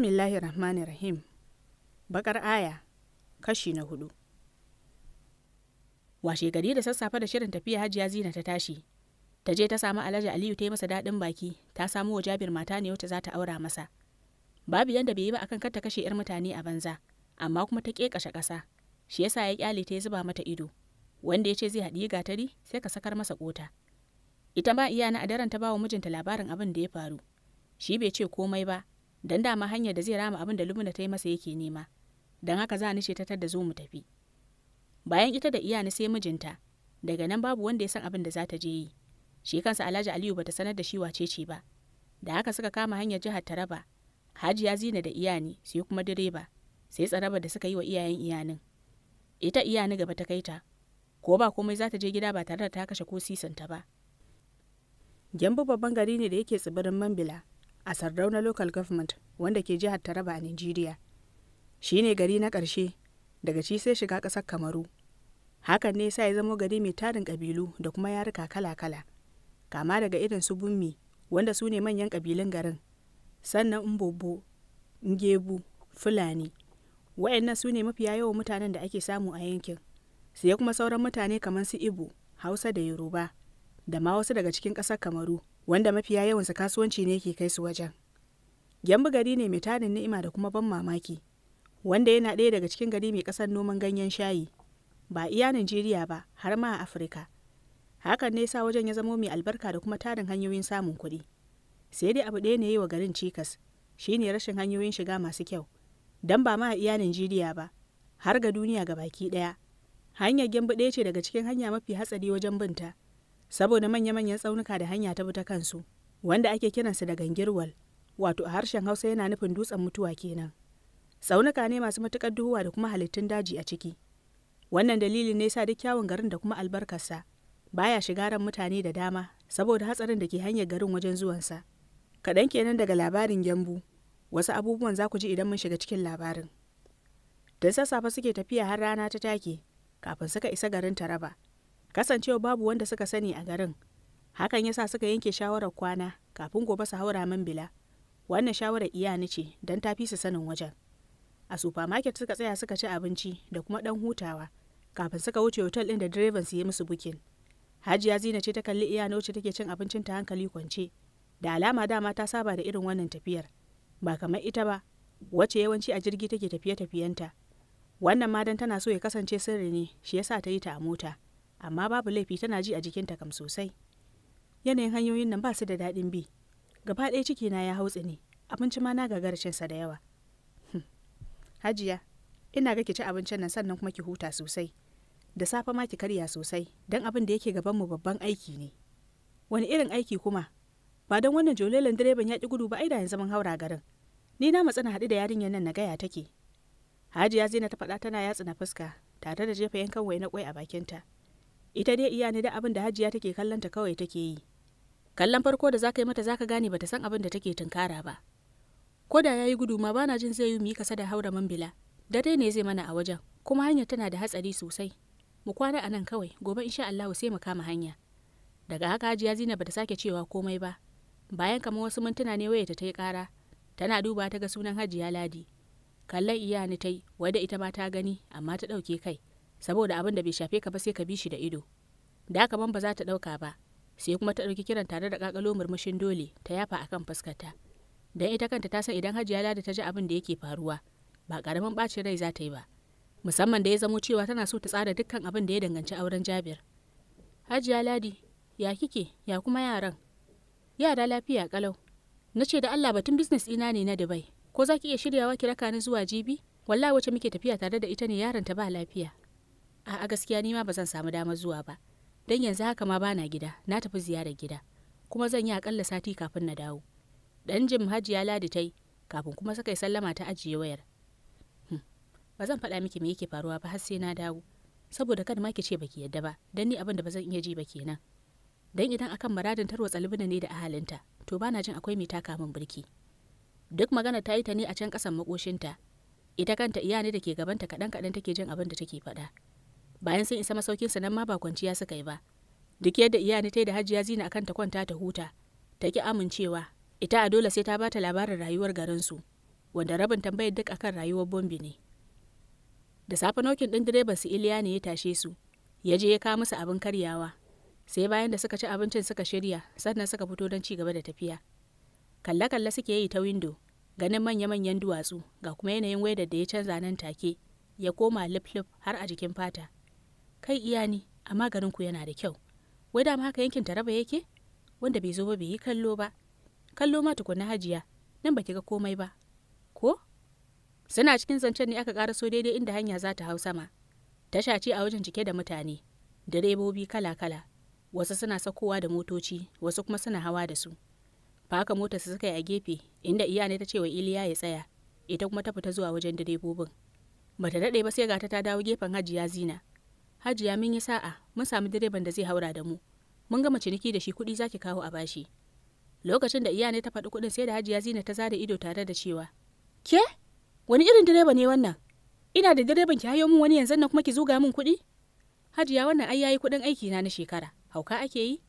bismillahi rahmanir bakar aya kashi na hudu washe gari da sassafe da shirin tafiya hajiya zina ta tashi ta je ta samu alhaji aliyu ta yi masa daɗin baki ta samu wa jabir mata ne wata za ta aura masa babu yadda bai yi ba akan kar ta kashe yar mutane a banza amma kuma ta ƙeƙashe ƙasa shi yasa ya kyale ta ya zuba mata ido wanda ya ce zai haɗi gatari sai ka sakar masa ƙota ita ma na a daren ta ba wa mijinta labarin abin da ya faru shi bai ce komai ba don dama hanyar da zai rama abin da lumina ta yi masa yake nema don haka za ni ce ta da zo mu tafi bayan ita da iyani sai mijinta daga nan babu wanda ya san abin da za ta je yi shi kansa alhaji aliyu bata sanar da shi wace ce ba da haka suka kama hanyar jihar taraba Haji ya zina da iyani sai kuma direba sai tsaraba da suka yi wa iyayen iyanin ita iyani gaba ta kaita, ta ko ba komai za ta je gida ba tare da ta kashe ko sisanta ba gyambu babban gari ne da yake tsibirin mambila a sardauna local government wanda ke jihar taraba a nigeria shi ne gari na ƙarshe daga ci sai shiga ƙasar kamaru hakan ne sa ya zamo gari mai tarin ƙabilu da kuma yaruka kala-kala kama daga irin su bummi wanda su ne manyan ƙabilun garin sannan mbobo ngebu fulani waɗannan su ne mafiya yawan mutanen da ake samu a yankin sai kuma sauran mutane kamar su ibo hausa da yoruba da ma wasu daga cikin ƙasar kamaru wanda mafiya yawansa kasuwanci ne ke kai su wajen gyambu gari ne mai tarin ni'ima da kuma ban mamaki wanda yana ɗaya daga cikin gari mai ƙasar noman ganyen shayi ba iya najeriya ba har ma a afirka hakan ne sa wajen ya zamo mai albarka da kuma tarin hanyoyin samun kuɗi sai dai abu ɗaya ne yi wa garin cikas Shi ne rashin hanyoyin shiga masu kyau don ba ma a iya najeriya ba har ga duniya ga baki ɗaya hanyar gyambu ɗaya ce daga cikin hanya mafi hatsari wajen binta saboda manya-manyan tsaunuka da hanya ta bi ta kansu wanda ake kiransu da gangirwal wato a harshen hausa yana nufin dutsen mutuwa kenan tsaunuka ne masu matuƙar duhuwa da kuma halittun daji a ciki wannan dalilin ne sa duk kyawun garin da kuma albarkarsa baya shiga ran mutane da dama saboda hatsarin da ke hanyar garin wajen zuwansa kaɗan kenan daga labarin gyambu wasu abubuwan za ku ji idan mun shiga cikin labarin don sassafe suke tafiya har rana ta take kafin suka isa garin taraba kasancewa babu wanda suka sani a garin hakan yasa suka yanke shawarar kwana kafin gobe su haura man bila wannan shawarar iyani ce don ta fi su sanin wajen a supermarket suka tsaya suka ci abinci da kuma dan hutawa kafin suka wuce hotel din da direban su yi musu bukin hajiya zina ce ta kalli iyana wacce take cin abincin ta hankali kwance da alama dama ta saba da irin wannan tafiyar ba kamar ita ba wacce yawanci a jirgi take tafiye-tafiyenta wannan ma dan tana so ya kasance sirri ne shi yasa ta yi ta a mota amma babu laifi tana ji a jikinta kam sosai yanayin hanyoyin nan ba su da daɗin bi gaba ɗaya ciki na ya hau ne abinci ma na gagarcin sa da yawa hmm. hajiya ina ga ki ci abincin nan sannan kuma ki huta sosai da safe ma ki karya sosai don abin da yake gaban mu babban aiki ne wani irin aiki kuma ba don wannan jolelan direban ya ki gudu ba aida da yanzu mun haura garin ni na matsana haɗu da yarinyar nan na gaya take hajiya zina ta faɗa tana yatsa na fuska tare da jefa yankan wai na kwai a bakinta. ita dai iya ne da abin da hajiya take kallon ta kawai take yi kallon farko da zaka yi mata zaka gane bata san abin da take tunkara ba ko da yayi gudu ma bana jin zai yi mu yi kasa da haura man bila dai ne zai mana a wajen kuma hanyar tana da hatsari sosai mu kwana a nan kawai gobe insha Allah sai mu kama hanya daga haka hajiya Zina bata sake cewa komai ba bayan kamar wasu mintuna ne waye ta yi kara tana duba ta ga sunan hajiya Ladi kallon iyani tai wadda ita ma ta gani amma ta dauke kai saboda abin da bai shafe ka ba sai ka bi shi da ido da haka ba za ta ɗauka ba sai kuma ta ɗauki kiran tare da kakalo murmushin dole ta yafa akan fuskarta dan ita kanta ta san idan hajiya lada ta ji abin da yake faruwa ba karamin bacin rai za ta yi ba musamman da ya zamo cewa tana so ta tsara dukkan abin da ya danganci auren jabir hajiya ladi ya kike ya kuma yaran yara lafiya kalau na ce da allah batun business ina ne na dubai ko za ki iya shiryawa ki raka ni zuwa jibi wallahi wacce muke tafiya tare da ita ne yaron ta ba lafiya A'a gaskiya ni ma ba zan samu damar zuwa ba. Dan yanzu haka ma bana gida, na tafi ziyarar gida. Kuma zan yi akalla sati kafin na dawo. Dan jim Hajiya Ladi tai kafin kuma sakai sallama ta ajiye wayar. Hmm, ba zan faɗa miki me yake faruwa ba har sai na dawo. Saboda kada ma ki ce baki yadda ba, dan ni abin da ba zan iya ji ba kenan. Dan idan akan maradin tarwa tsalibina ne da ahalinta, to bana jin akwai mai taka min birki. Duk magana ta yi ta ne a can ƙasan makoshinta. Ita kanta iyane da ke gabanta kaɗan-kaɗan take jin abin da take faɗa. bayan sun isa masaukinsa nan ma ba kwanciya suka yi ba duk yadda iyani ta da hajiya zina akan ta kwanta ta huta ta ki amincewa ita a dole sai ta bata labarin rayuwar garinsu wanda rabin tambayar duk akan rayuwar bombi ne da safe nokin ɗin direban su iliya ne ya tashe su ya je ya kawo musu abin karyawa sai bayan da suka ci abincin suka shirya sannan suka fito don ci gaba da tafiya kalle-kalle suke yi ta windo ganin manya-manyan duwatsu ga kuma yanayin waidar da ya canza nan take ya koma lif-lif har a jikin fata kai iya ni amma garin ku yana da kyau wai dama haka yankin taraba yake wanda bai zo ba bai yi kallo ba kallo ma tukunna hajiya nan baki ga komai ba ko suna cikin zancen ne aka karaso daidai inda hanya za ta hau sama tasha ce a wajen cike da mutane direbobi kala-kala wasu suna sakowa da motoci wasu kuma suna hawa da su fa haka motar suka yi a gefe inda iyane ta ce wa iliya ya tsaya ita kuma ta fita zuwa wajen direbobin bata daɗe ba sai gata ta dawo gefen hajiya zina hajiya mun yi sa'a mun samu direban da zai haura da mu mun gama ciniki da shi kuɗi zaki kawo a bashi lokacin da iyane ta faɗi kuɗin sai da hajiya zina ta zada ido tare da cewa ke wani irin direba ne wannan ina da direban ki hayo min wani yanzu nan kuma ki zuga min kuɗi hajiya wannan ai yayi kuɗin aiki na na shekara hauka ake yi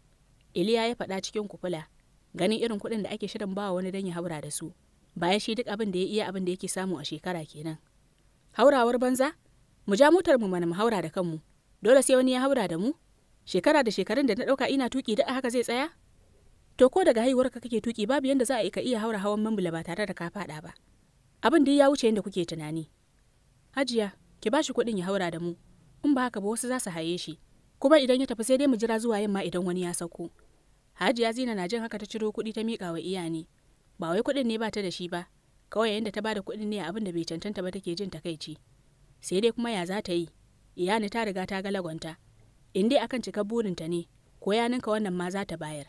iliya ya faɗa cikin kufula ganin irin kuɗin da ake shirin bawa wani dan ya haura da su bayan shi duk abin da ya iya abin da yake samu a shekara kenan haurawar banza mu ja motar mu mana mu haura da kanmu dole sai wani ya haura da mu shekara da shekarun da na dauka ina tuki da haka zai tsaya to ko daga ka kake tuki babu yanda za a ka iya haura hawan mambula ba tare da ka fada ba abin da ya wuce yanda kuke tunani hajiya ki ba shi kuɗin ya haura da mu in ba haka ba wasu za su haye shi kuma idan ya tafi sai dai mu jira zuwa yamma idan wani ya sauko hajiya zina na jin haka ta ciro kuɗi ta miƙa wa iya ba wai kuɗin ne ba ta da shi ba kawai yanda ta bada kuɗin ne abin da bai cancanta ba take jin takaici sai dai kuma ya za ta yi iyani ta riga ta galagonta in dai akan cika burinta ne ko ya ninka wannan ma za ta bayar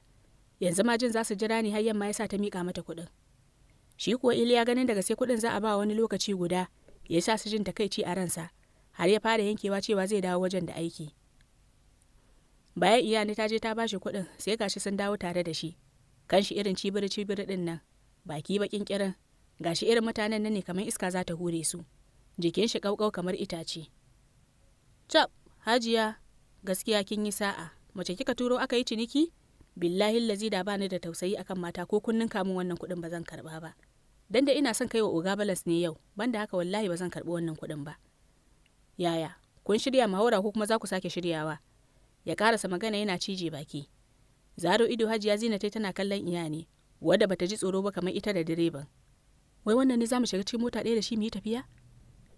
yanzu ma jin za su jira ni har yamma ya sa ta miƙa mata kuɗin shi kuwa iliya ganin daga sai kuɗin za a ba wani lokaci guda ya sa su jin takaici a ransa har ya fara yankewa cewa zai dawo wajen da aiki bayan iyani ta je ta ba shi kuɗin sai gashi sun dawo tare da shi kan shi irin cibiri cibiri din nan baki bakin kirin gashi irin mutanen nan ne kamar iska za ta hure su jikin shi kaukau kamar itace Cap, Hajiya, gaskiya kin yi sa'a. Mace kika turo aka yi ciniki? Billahi lazi da bani da tausayi akan mata ko kunnin kamun wannan kuɗin ba zan karɓa ba. Dan da ina son kaiwa oga balas ne yau, banda haka wallahi ba zan karɓi wannan kuɗin ba. Yaya, kun shirya mahaura ko kuma za ku sake shiryawa? Ya karasa magana yana cije baki. Zaro ido Hajiya Zinata tana kallon iya ne, wadda bata ji tsoro ba kamar ita da direban. Wai wannan ne za mu shiga cikin mota ɗaya da shi mu yi tafiya?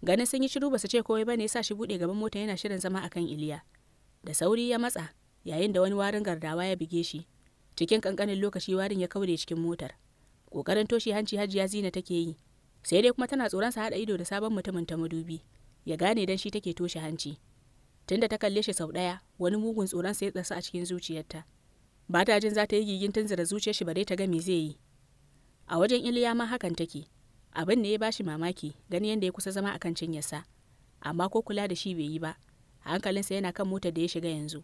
ganin sun yi shiru ba su ce kowai ba ne sa shi buɗe gaban mota yana shirin zama a kan iliya da sauri ya matsa yayin da wani warin gardawa ya bige shi cikin kankanin lokaci warin ya kaure cikin motar kokarin toshe hanci hajiya zina take yi sai dai kuma tana tsoron sa hada ido da sabon mutumin ta madubi ya gane dan shi take toshe hanci tunda ta kalle shi sau daya wani mugun tsoron sa ya tsasa a cikin zuciyarta ba ta jin za ta yi gigin tunzura zuciyar shi bare ta ga me zai yi a wajen iliya ma hakan take abin ne ya bashi mamaki gani yadda ya kusa zama akan cinyarsa amma ko kula da shi bai yi ba hankalinsa yana kan motar da ya shiga yanzu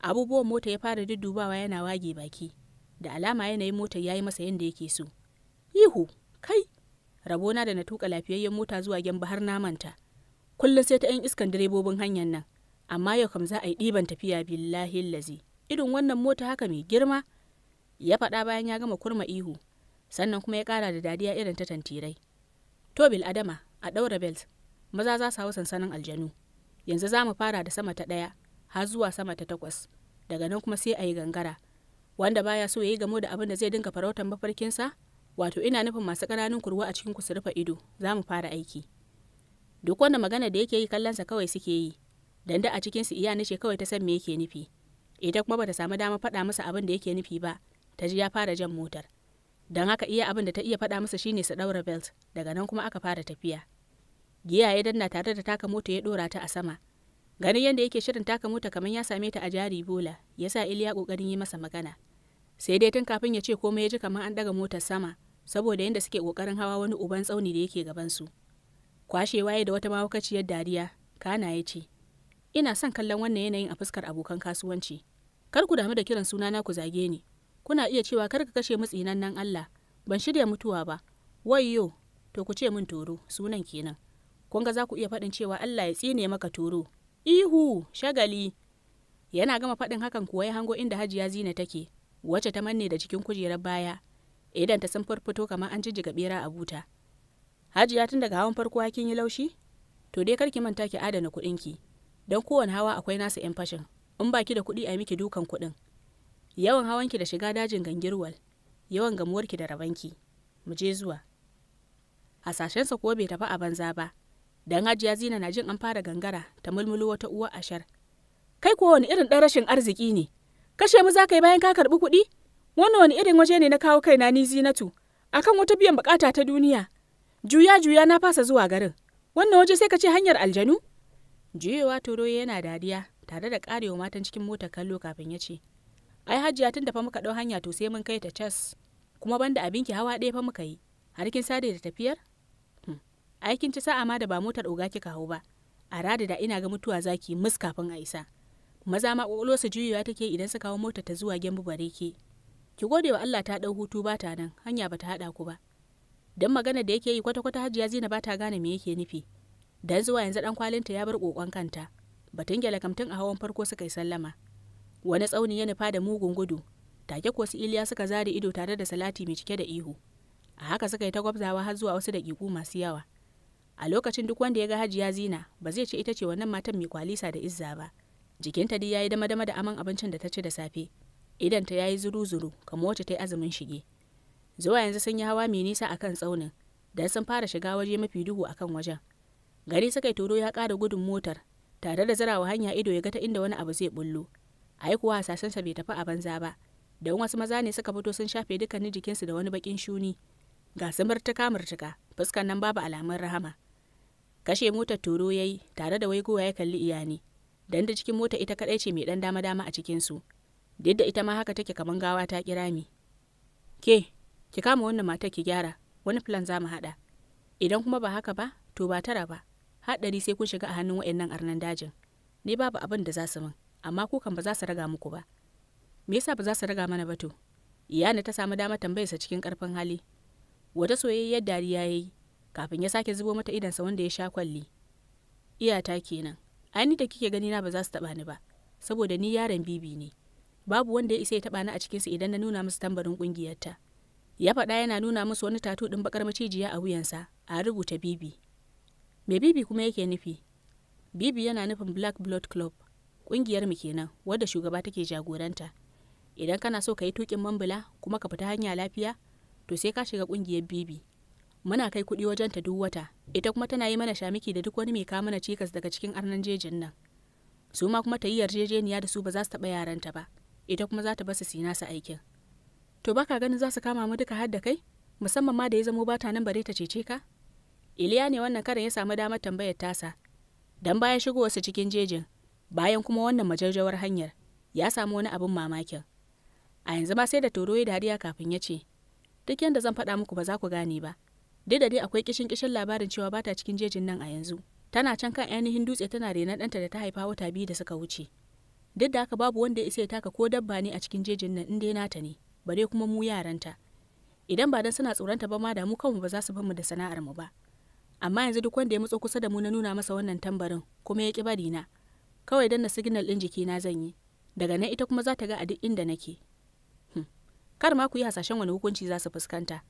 abubuwan mota ya fara duddubawa yana wage baki da alama yanayin motar ya yi masa yadda yake so ihu kai rabona da na tuka lafiyayyen mota zuwa gyamba har namanta kullum sai ta 'yan iskan direbobin hanyar nan amma yau kam za a yi ɗiban tafiya billahi lahilazi irin wannan mota haka mai girma ya faɗa bayan ya gama kurma ihu sannan kuma ya kara da dadiya irin ta tantirai to bil adama a daura belt maza za su hau sansanin aljanu yanzu za mu fara da sama ta ɗaya har zuwa sama ta takwas daga nan kuma sai a yi gangara wanda baya so ya yi gamo da abin da zai dinga farautar mafarkinsa wato ina nufin masu ƙananun kurwa a cikin ku su rufe ido za mu fara aiki duk wanda magana da yake yi kallonsa kawai suke yi danda a cikinsu iya nace kawai ta san me yake nufi ita kuma bata samu dama faɗa masa abin da yake nufi ba ta ji ya fara jan motar don haka iya abin da ta iya faɗa masa shine su ɗaura belt daga nan kuma aka fara tafiya giya ya danna tare da taka mota ya ɗora ta a sama ganin yadda yake shirin taka mota kamar ya same ta a jari bola ya sa iliya ƙoƙarin yi masa magana sai dai tun kafin ya ce komai ya ji kamar an ɗaga motar sama saboda yadda suke ƙoƙarin hawa wani uban tsauni da yake gabansu kwashewa ya da wata mahaukaciyar dariya kana ya ce ina son kallon wannan yanayin a fuskar abokan kasuwanci kar ku damu da kiran sunana ku zage ni kuna iya cewa kar ka kashe nan Allah ban shirya mutuwa ba wayo to ku ce min toro sunan kenan kun ga za ku iya faɗin cewa Allah ya tsine maka toro ihu shagali yana gama faɗin hakan kuwa ya hango inda hajiya zina take wacce ta manne da cikin kujerar baya idan ta sun farfito kamar an jijjiga bera a buta hajiya tun daga hawan farko kin yi laushi to dai ki manta ki adana kuɗinki don kowane hawa akwai nasa 'yan fashin in baki da kuɗi a miki dukan kuɗin yawan hawanki da shiga dajin gangirwal yawan gamuwarki da rabanki mu je zuwa hasashensa kuwa bai tafi a banza ba dan hajiya zina na jin an fara gangara ta mulmulu wata uwa ashar kai kuwa wani irin dan rashin arziki ne kashe mu za ka yi bayan ka karɓi kuɗi wannan wani irin waje ne na kawo kaina ni zinatu akan wata biyan bukata ta duniya juya juya na fasa zuwa garin wannan waje sai ka ce hanyar aljanu juyewa toro yana dariya tare da karewa matan cikin motar kallo kafin ya ce ai hajiya tun da fa muka ɗau hanya to sai mun kai ta cas kuma banda abin ki hawa ɗaya fa muka yi har kin sade da tafiyar hmm. ai kin ci sa'a ma da ba motar oga ki hau ba a rada da ina ga mutuwa zaki mus kafin a isa maza ma kokolo su juyewa take idan su kawo motar ta zuwa gembu bare ke ki gode wa Allah ta dau hutu ba ta nan hanya ba ta hada ku ba dan magana da yake yi kwata kwata Hajiya Zina ba ta gane me yake nufi dan zuwa yanzu dan kwalinta ya bar kokon kanta batun gyalakamtun a hawan farko suka yi sallama wani tsauni ya nufa da mugun gudu take kuwa su iliya suka zare ido tare da salati mai cike da ihu a haka suka yi ta gwabzawa har zuwa wasu daƙiƙu masu yawa a lokacin duk wanda ya ga hajiya zina ba zai ce ita ce wannan matan mai kwalisa da izza ba jikinta dai ya yi dama-dama da aman abincin da ta ci da safe Idan idanta yi zuru-zuru kamar wacce ta yi azumin shige zuwa yanzu sun yi hawa mai nisa akan tsaunin dan sun fara shiga waje mafi duhu akan wajen gari suka yi toro ya kara gudun motar tare da zarawa hanya ido ya ga ta inda wani abu zai bullo a yi kuwa hasashensa bai tafi a banza ba da wasu maza ne suka fito sun shafe dukkanin jikinsu da wani bakin shuni ga su murtuka murtuka fuskan nan babu alamun rahama kashe motar turo yi tare da waigowa ya kalli iyani dan da cikin mota ita kadai ce mai dan dama dama a cikin su duk da ita ma haka take kaman gawa ta kira mi ke ki kama wannan matar ki gyara wani plan za mu hada idan kuma ba haka ba to ba tara ba haɗari sai kun shiga a hannun wayannan arnan dajin ni babu abin da za su min amma kukan ba za su raga muku ba me yasa ba za su raga mana ba to iyana ta samu dama tambayar sa cikin karfin hali wata soyayyar dariya ya yi kafin ya sake zubo mata sa wanda ya sha kwalli iyata kenan ani da kike gani na ba za su taba ni ba saboda ni yaron bibi ne babu wanda ya isa ya taba ni a cikinsu idan na nuna musu tambarin kungiyarta ya faɗa yana nuna musu wani tatu ɗin bakar macijiya a wuyansa a rubuta bibi me bibi kuma yake nufi bibi yana nufin black blood club mu kenan wadda shugaba take jagoranta. Idan kana so ka yi tukin mambula kuma ka fita hanya lafiya, to sai ka shiga ƙungiyar bibi. Muna kai kuɗi wajenta duk wata, ita kuma tana yi mana shamiki da duk wani mai kawo mana cikas daga cikin arnan jejin nan. Su ma kuma ta yi yarjejeniya da su ba za su taɓa yaranta ba, ita kuma za ta basu su nasu aikin. To baka ganin za su kama mu duka har da kai? Musamman ma da ya zamo ba ta nan bare ta cece ka? Iliya ne wannan karin ya samu damar tambayar tasa, dan bayan shigowarsa cikin jejin bayan kuma wannan majarjawar hanyar ya samu wani abin mamakin a yanzu ma sai da toro ya dariya kafin ya ce duk yadda zan faɗa muku ba za ku gane ba duk da dai akwai kishin kishin labarin cewa bata cikin jejin nan a yanzu tana can kan ainihin dutse tana rena ɗanta da ta haifa wata biyu da suka wuce duk da haka babu wanda ya isa ya taka ko dabba ne a cikin jejin nan in dai nata ne bare kuma mu yaranta idan ba dan suna tsoronta ba ma da mu kanmu ba za su mu da sana'ar mu ba amma yanzu duk wanda ya matso kusa da mu na nuna masa wannan tambarin kuma ya ki bari na kawai danna signal ɗin jikina zan yi daga nan ita kuma za ta ga a duk inda nake hmm. kar ma ku yi hasashen wani hukunci za su fuskanta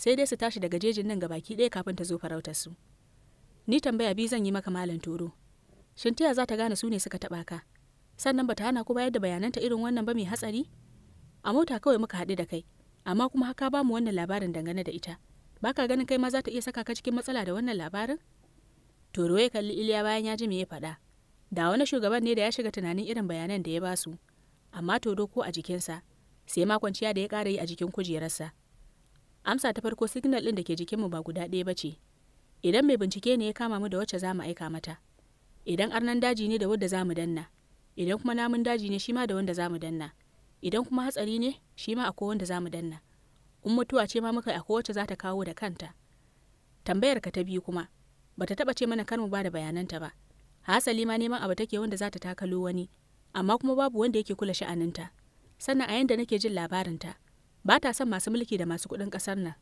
sai dai su tashi daga jejin nan gabaki ɗaya kafin ta zo farautar su ni tambaya bi zan yi maka malam toro shin taya za ta gane su ne suka taɓa ka sannan bata hana ku bayar da bayananta irin wannan ba mai hatsari a mota kawai muka haɗu da kai amma kuma haka ba mu wannan labarin dangane da ita Ba ka ganin kai ma za ta iya saka ka cikin matsala da wannan labarin toro ya kalli iliya bayan ya ji me ya faɗa da wani shugaban ne da ya shiga tunanin irin bayanan da ya ba su amma to ko a jikinsa sai ma kwanciya da ya ƙara yi a jikin kujerarsa amsa ta farko signal ɗin da ke jikinmu ba guda ɗaya ba ce idan mai bincike ne ya kama mu da wacce za mu aika mata idan arnan daji ne da wadda za mu danna idan kuma namun daji ne shi ma da wanda za mu danna idan kuma hatsari ne shi ma akwai wanda za mu danna in mutuwa ce ma muka akwai wacce za ta kawo da kanta tambayar ka ta biyu kuma bata taba ce mana kar mu ba da bayananta ba hasali ma neman abu take wanda za ta takalo wani amma kuma babu wanda yake kula sha'aninta sannan a yanda nake jin labarinta ba ta son masu mulki da masu kuɗin ƙasar nan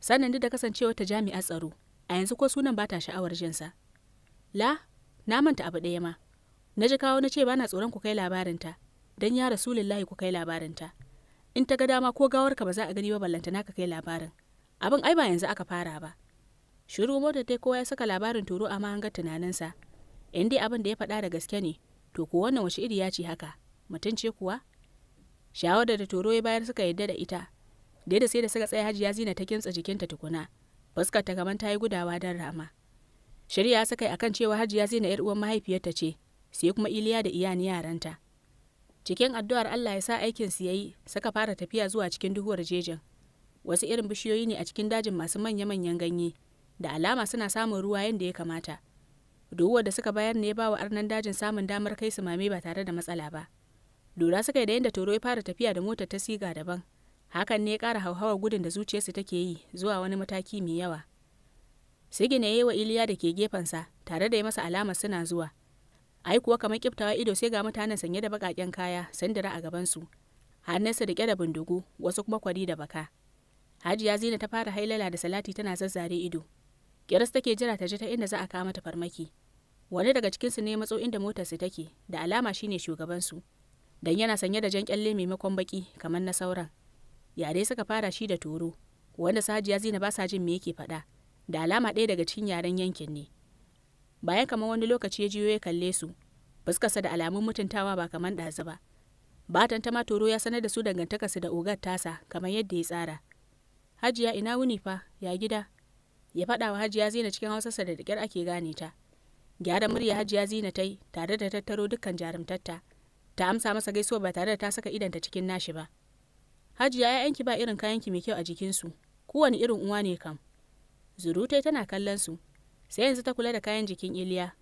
sannan duk da kasancewar ta jami'a tsaro a yanzu ko sunan ba ta sha'awar jinsa la na manta abu ɗaya ma na ji kawo na ce bana tsoron ku kai labarinta dan ya rasulullahi ku kai labarinta in ta ga dama ko gawarka ba za a gani ba ballanta naka kai labarin abin ai ba yanzu aka fara ba shiru motar ta kowa ya saka labarin turo a mahangar tunaninsa in dai abin da ya faɗa da gaske ne to ko wannan wace iri ya ce haka mutum ce kuwa Shawar da toro ya bayar suka yadda da ita da da sai da suka tsaya hajiya zina ta kintsa jikinta tukuna fuskar ta gaban ta yi gudawa don rama shari'a suka yi akan cewa hajiya zina yar uwan mahaifiyarta ce sai kuma iliya da iyani yaranta cikin addu'ar Allah ya sa aikin su yayi suka fara tafiya zuwa cikin duhuwar jejin wasu irin bishiyoyi ne a cikin dajin masu manya-manyan ganye da alama suna samun ruwa yadda ya kamata Duwuwar da suka bayar ne ya wa arnan dajin samun damar kai su mame ba tare da matsala ba. Lura suka yi da yadda toro ya fara tafiya da motar ta siga daban. Hakan ne ya ƙara hauhawar gudun da zuciyarsu take yi zuwa wani mataki mai yawa. Sigi ya yi wa Iliya da ke gefensa tare da ya masa alamar suna zuwa. Ai kuwa kamar kiftawa ido sai ga mutanen sanye da baƙaƙen kaya sandira a gabansu. Hannunsa riƙe da bindigu wasu kuma kwari da baka. Hajiya Zina ta fara hailala da Salati tana zazzare ido. Kiris take jira ta ji ta inda za a kawo mata farmaki. wani daga cikinsu ne matso inda motarsu take da alama shine shugabansu dan yana sanye da jan kyalle maimakon baki kamar na sauran yare suka fara shi da toro wanda Hajiya zina ba sa jin me yake faɗa da alama ɗaya daga cikin yaren yankin ne bayan kamar wani lokaci ya jiyo ya kalle su fuskarsa da alamun mutuntawa ba kamar ɗazu ba batan ta toro ya sanar da su dangantakarsu da ogar tasa kamar yadda ya tsara hajiya ina wuni fa ya gida ya faɗa hajiya zina cikin hausarsa da daƙyar ake gane ta gyara murya hajiya zina ta yi tare da tattaro dukkan jarumtatta, ta amsa masa gaisuwa ba tare da ta saka idanta cikin nashi ba hajiya ya yanki ba irin kayanki mai kyau a jikinsu kowane irin uwa ne kam zurutai tana kallon su sai yanzu ta kula da kayan jikin iliya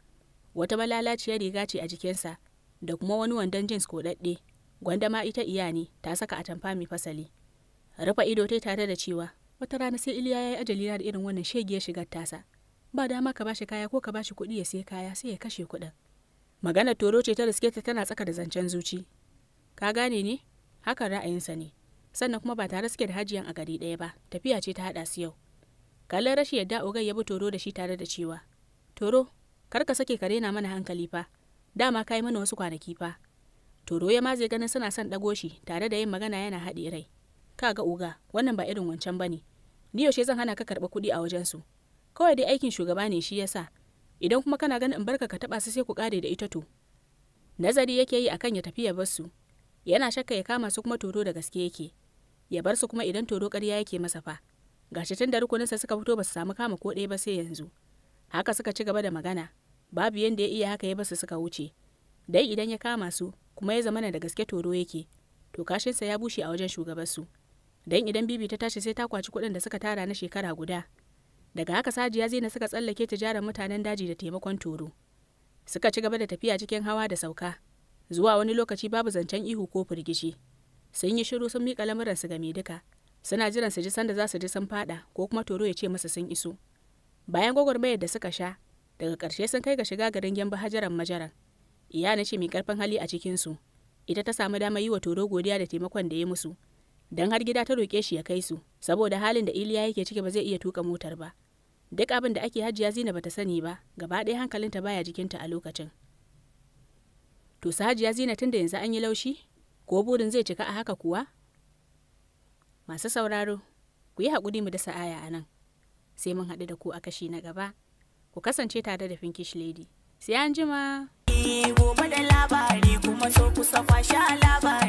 wata malalaciyar riga ce a jikinsa da kuma wani wandon jeans koɗaɗɗe gwanda ma ita iya ne ta saka a tamfa mai fasali rufe ido tai tare da cewa wata rana sai iliya ya yi ajali da irin wannan shegiyar shigar tasa ba dama ka bashi kaya ko ka bashi kuɗi ya sai kaya sai ya kashe kuɗin maganar toro ce ta riske ta tana tsaka da zancen zuci ka gane ne hakan ra'ayinsa ne sannan kuma ba tare suke da hajiyan a gari ɗaya ba tafiya ce ta haɗa su yau kallon rashin yadda ogai ya bi toro da shi tare da cewa toro kar ka sake ka rena mana hankali fa dama ka yi mana wasu kwanaki fa toro ya ma zai ganin suna son ɗago shi tare da yin magana yana haɗe rai ka ga oga wannan ba irin wancan ba ne ni yaushe zan hana ka karɓi kuɗi a wajensu kawai dai aikin shugaba ne shi yasa idan kuma kana ganin in barka ka taba su sai ku kare da ita to nazari yake yi akan ya tafi ya bar su yana shakka ya kama su kuma toro da gaske yake ya bar su kuma idan toro ƙarya yake masa fa gashi tun da rukuninsa suka fito ba su samu kama ko ɗaya ba sai yanzu haka suka ci gaba da magana babu yanda ya iya haka ya basu suka wuce dai idan ya kama su kuma ya zamana da gaske toro yake to kashinsa ya bushe a wajen shugabansu dan idan bibi ta tashi sai ta kwaci kuɗin da suka tara na shekara guda daga haka sajiya zina suka tsallake tijaran mutanen daji da taimakon toro suka ci gaba da tafiya cikin hawa da sauka zuwa wani lokaci babu zancen ihu ko firgici sun yi shiru sun miƙa lamuransu ga duka suna jiran su ji sanda za su ji sun fada ko kuma toro ya ce masa sun iso bayan gwagwarmayar da suka sha daga ƙarshe sun kai ga shiga garin gyamba hajaran majaran iya na ce mai karfin hali a cikinsu ita ta samu damar yi wa toro godiya da taimakon da ya musu don har gida ta roke shi ya kai su saboda halin da iliya yake ciki ba zai iya tuka motar ba duk abin da ake hajiya zina bata sani ba gaba ɗaya hankalinta baya jikinta a lokacin to su hajiya zina tunda yanzu an yi laushi ko burin zai cika a haka kuwa masu sauraro ku yi haƙuri mu da sa'aya a nan sai mun haɗu da ku a kashi na gaba ku kasance tare da finkish lady sai an jima da kuma so kusa kwashe labari